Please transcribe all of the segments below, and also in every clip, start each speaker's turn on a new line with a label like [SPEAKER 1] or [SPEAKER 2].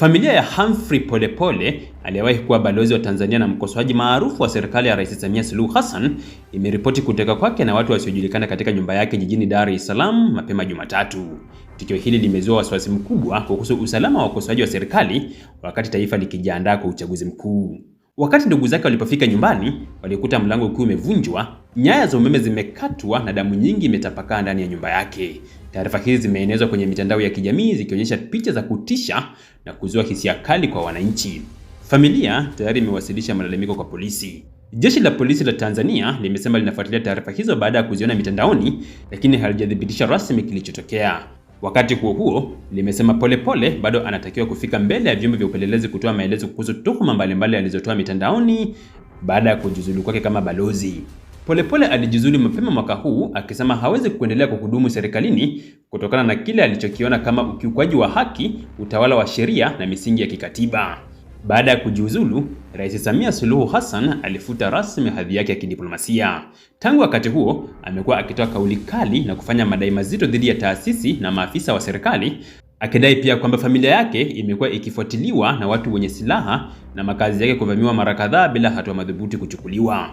[SPEAKER 1] Familia ya Humphrey Polepole aliyewahi kuwa balozi wa Tanzania na mkosoaji maarufu wa serikali ya Rais Samia Suluhu Hassan imeripoti kuteka kwake na watu wasiojulikana katika nyumba yake jijini Dar es Salaam mapema Jumatatu. Tukio hili limezua wasiwasi mkubwa kuhusu usalama wa wakosoaji wa serikali wakati taifa likijiandaa kwa uchaguzi mkuu. Wakati ndugu zake walipofika nyumbani, walikuta mlango ukiwa umevunjwa, nyaya za umeme zimekatwa na damu nyingi imetapakaa ndani ya nyumba yake. Taarifa hizi zimeenezwa kwenye mitandao ya kijamii zikionyesha picha za kutisha na kuzua hisia kali kwa wananchi. Familia tayari imewasilisha malalamiko kwa polisi. Jeshi la polisi la Tanzania limesema linafuatilia taarifa hizo baada ya kuziona mitandaoni, lakini halijathibitisha rasmi kilichotokea. Wakati huo huo, limesema Polepole pole bado anatakiwa kufika mbele ya vyombo vya upelelezi kutoa maelezo kuhusu tuhuma mbalimbali alizotoa mitandaoni baada ya kujiuzulu kwake kama balozi. Polepole alijiuzulu mapema mwaka huu akisema hawezi kuendelea kuhudumu serikalini kutokana na kile alichokiona kama ukiukwaji wa haki, utawala wa sheria na misingi ya kikatiba. Baada ya kujiuzulu, Rais Samia Suluhu Hassan alifuta rasmi hadhi yake ya kidiplomasia. Tangu wakati huo, amekuwa akitoa kauli kali na kufanya madai mazito dhidi ya taasisi na maafisa wa serikali, akidai pia kwamba familia yake imekuwa ikifuatiliwa na watu wenye silaha na makazi yake kuvamiwa mara kadhaa bila hatua madhubuti kuchukuliwa.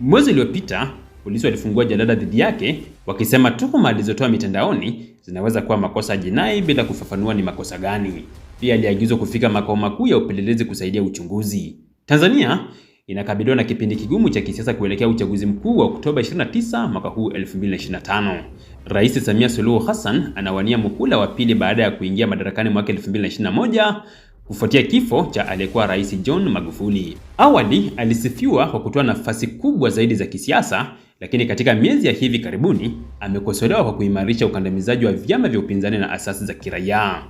[SPEAKER 1] Mwezi uliopita, polisi walifungua jalada dhidi yake wakisema tuhuma alizotoa mitandaoni zinaweza kuwa makosa jinai bila kufafanua ni makosa gani. Pia aliagizwa kufika makao makuu ya upelelezi kusaidia uchunguzi. Tanzania inakabiliwa na kipindi kigumu cha kisiasa kuelekea uchaguzi mkuu wa Oktoba 29 mwaka huu 2025. Rais Samia Suluhu Hassan anawania muhula wa pili baada ya kuingia madarakani mwaka 2021 kufuatia kifo cha aliyekuwa Rais John Magufuli. Awali alisifiwa kwa kutoa nafasi kubwa zaidi za kisiasa, lakini katika miezi ya hivi karibuni amekosolewa kwa kuimarisha ukandamizaji wa vyama vya upinzani na asasi za kiraia.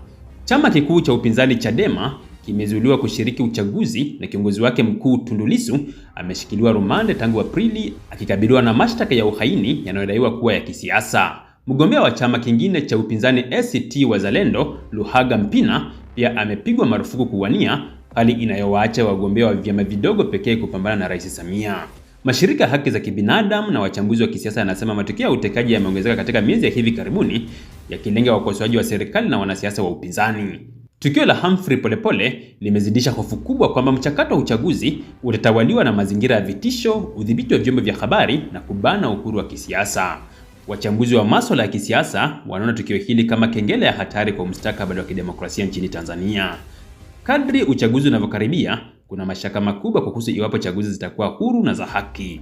[SPEAKER 1] Chama kikuu cha upinzani Chadema kimezuiliwa kushiriki uchaguzi na kiongozi wake mkuu Tundu Lissu ameshikiliwa rumande tangu Aprili akikabiliwa na mashtaka ya uhaini yanayodaiwa kuwa ya kisiasa. Mgombea wa chama kingine cha upinzani ACT Wazalendo Luhaga Mpina pia amepigwa marufuku kuwania, hali inayowaacha wagombea wa vyama vidogo pekee kupambana na Rais Samia. Mashirika ya haki za kibinadamu na wachambuzi wa kisiasa yanasema matukio ya utekaji yameongezeka katika miezi ya hivi karibuni, yakilenga wakosoaji wa serikali na wanasiasa wa upinzani. Tukio la Humphrey Polepole limezidisha hofu kubwa kwamba mchakato wa uchaguzi utatawaliwa na mazingira ya vitisho, udhibiti wa vyombo vya habari na kubana uhuru wa kisiasa. Wachambuzi wa masuala ya kisiasa wanaona tukio hili kama kengele ya hatari kwa mustakabali wa kidemokrasia nchini Tanzania. Kadri uchaguzi unavyokaribia, kuna mashaka makubwa kuhusu iwapo chaguzi zitakuwa huru na za haki.